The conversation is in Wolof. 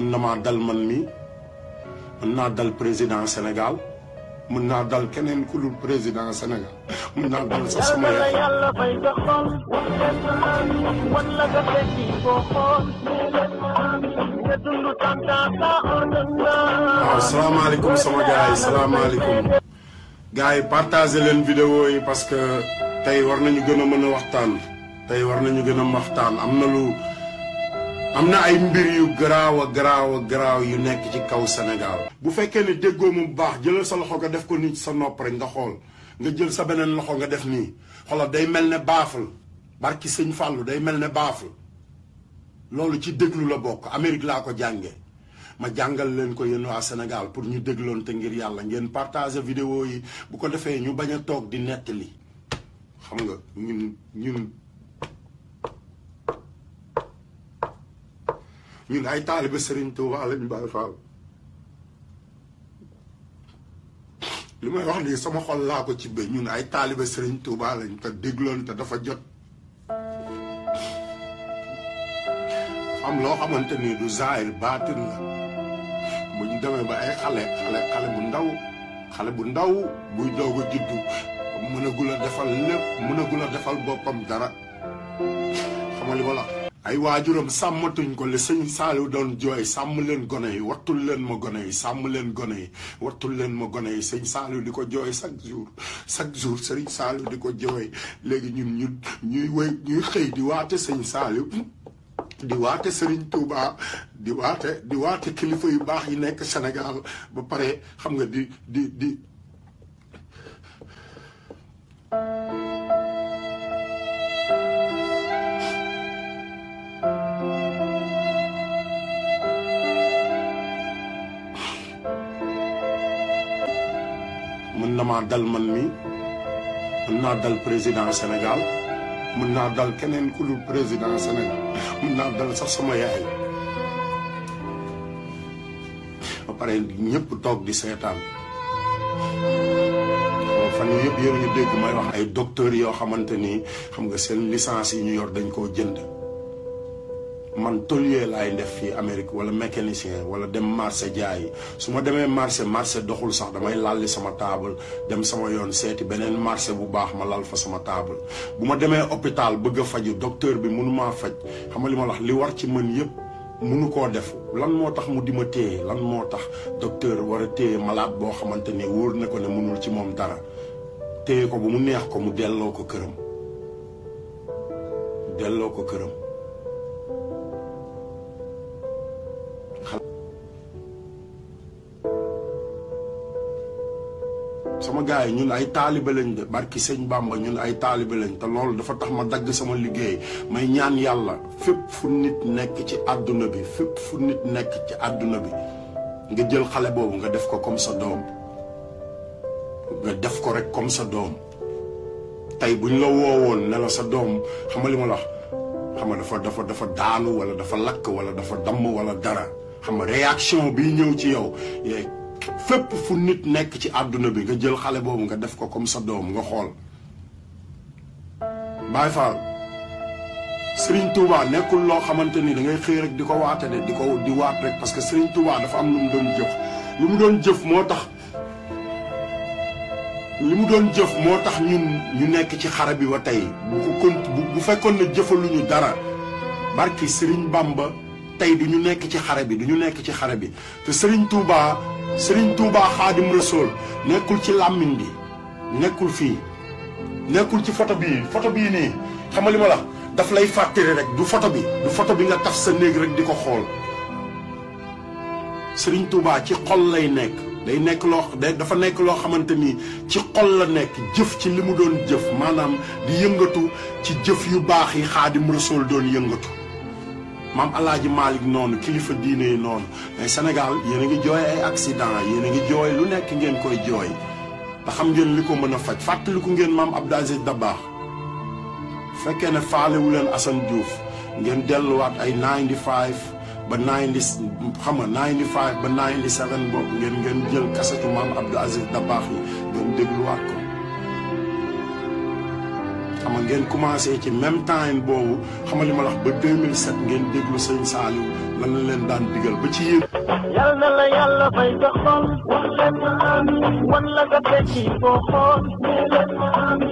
mën na maa dal man mi mën naa dal président Sénégal mën naa dal keneen ku dul président Sénégal mën naa dal sa sama yaay. waaw salaamaaleykum sama gars yi salaamaaleykum. gars yi partagé leen vidéo yi parce que tey war nañu gën a mën a waxtaan tey war nañu gën a waxtaan am na lu. am na ay mbir yu garaaw a garaaw garaaw yu nekk ci kaw Sénégal. bu fekkee ne déggoo mu baax jëlal sa loxo nga def ko nit sa nopp rek nga xool nga jël sa beneen loxo nga def nii xoolal day mel ne baaful barki sëñ Fallou day mel ne baaful loolu ci déglu la bokk Amérique laa ko jànge ma jàngal leen ko yéen waa Sénégal pour ñu dégloon te ngir yàlla ngeen partager vidéo yi bu ko defee ñu bañ a toog di nettali xam nga ñun ñun. ñun ay taaliba Serigne Touba lañ Baye Fall limay may wax ni sama xol la ko ci be ñun ay taaliba Serigne Touba lañ ta deglon ta dafa jot am lo xamanteni du zahir batin la bu ñu demee ba ay xale xale xale bu ndaw xale bu ndaw bu doog jiddu mëna gula defal lepp mëna gula defal bopam dara xamali wala ay waajuram sàmmatuñ ko li sëñ Saliou doon jooy sàmm leen gone yi wattul leen ma gone yi sàmm leen gone yi wattul leen ma gone yi sëñ Saliou di ko jooy chaque jour chaque jour sëriñ Saliou di ko jooy léegi ñun ñu ñuy wéy ñuy xëy di waate sëñ Saliou di waate sëriñ Touba di waate di waate kilifa yu baax yi nekk Sénégal ba pare xam nga di di di mën na maa dal man mi mën naa dal président Sénégal mën naa dal keneen ku dul président Sénégal mën naa dal sax sama yaay ba pare ñëpp toog di seetaan fan yëpp yéen ñu dégg may wax ay docteurs yoo xamante ni xam nga seen licence yi ñu yor dañ koo jënd man tôlier laay def fii Amérique wala mécanicien wala dem marché jaayi su ma demee marché marché doxul sax damay lalli sama taabal dem sama yoon seeti beneen marché bu baax ma lal fa sama taabal bu ma demee hôpital bëgg a faju docteur bi mënu maa faj xam li ma wax li war ci mën yëpp mënu koo def lan moo tax mu di ma téye lan moo tax docteur war a téye malaat boo xamante ni wóor na ko ne mënul ci moom dara téye ko bu mu neex ko mu delloo ko këram delloo ko këram. sama gars yi ñun ay taalibe lañ de barki sëñ Bamba ñun ay taalibe lañ te loolu dafa tax ma dagg sama liggéey may ñaan yàlla fépp fu nit nekk ci àdduna bi fépp fu nit nekk ci àdduna bi nga jël xale boobu nga def ko comme sa doom nga def ko rek comme sa doom tey buñ la woowoon ne la sa doom xam li ma la wax xam nga dafa dafa dafa daanu wala dafa lakk wala dafa damm wala dara xam nga réaction bi ñëw ci yow fépp fu nit nekk ci àdduna bi nga jël xale boobu nga def ko comme sa doom nga xool Baay Faal Serigne Touba nekkul loo xamante ni da ngay xëy rek di ko waate de di ko di waat rek parce que Serigne Touba dafa am lu mu doon jëf lu mu doon jëf moo tax li mu doon jëf moo tax ñun ñu nekk ci xare bi ba tey bu ko kon bu fekkoon na jëfaluñu dara barki Serigne Bamba tey du ñu nekk ci xare bi du ñu nekk ci xare bi te Serigne Touba. sëriñ Tuubaa xaadim rasool nekkul ci làmmiñ bi nekkul fii nekkul ci photo bii photo bii nii xam nga ma la daf lay fàttali rek du photo bi du photo bi nga taf sa néeg rek di ko xool sëriñ Tuubaa ci xol lay nekk day nekk dafa nekk loo xamante ni ci xol la nekk jëf ci li mu doon jëf maanaam di yëngatu ci jëf yu baax yi xaadim rasool doon yëngatu maam alaaji Malick noonu kilifa diine yi noonu mais Sénégal yéen a ngi jooy ay accident yéen a ngi jooy lu nekk ngeen koy jooy te xam ngeen li ko mën a faj fàttaliku ngeen maam Abdou Aziz baax fekkee ne faalewu leen Assane Diouf ngeen delluwaat ay 95 ba 90 xam nga 95 ba 97 boobu ngeen ngeen jël kasetu maam Abdou Aziz Dabakh yi ngeen dégluwaat ko xam nga ngeen commencé ci même temps boobu xamal li ma wax ba 2007 ngeen déglu sëñ Saliou lan la leen daan digal ba ci yéen. yal na la yàlla fay doxal wax leen ma amiin wan la nga tekki foo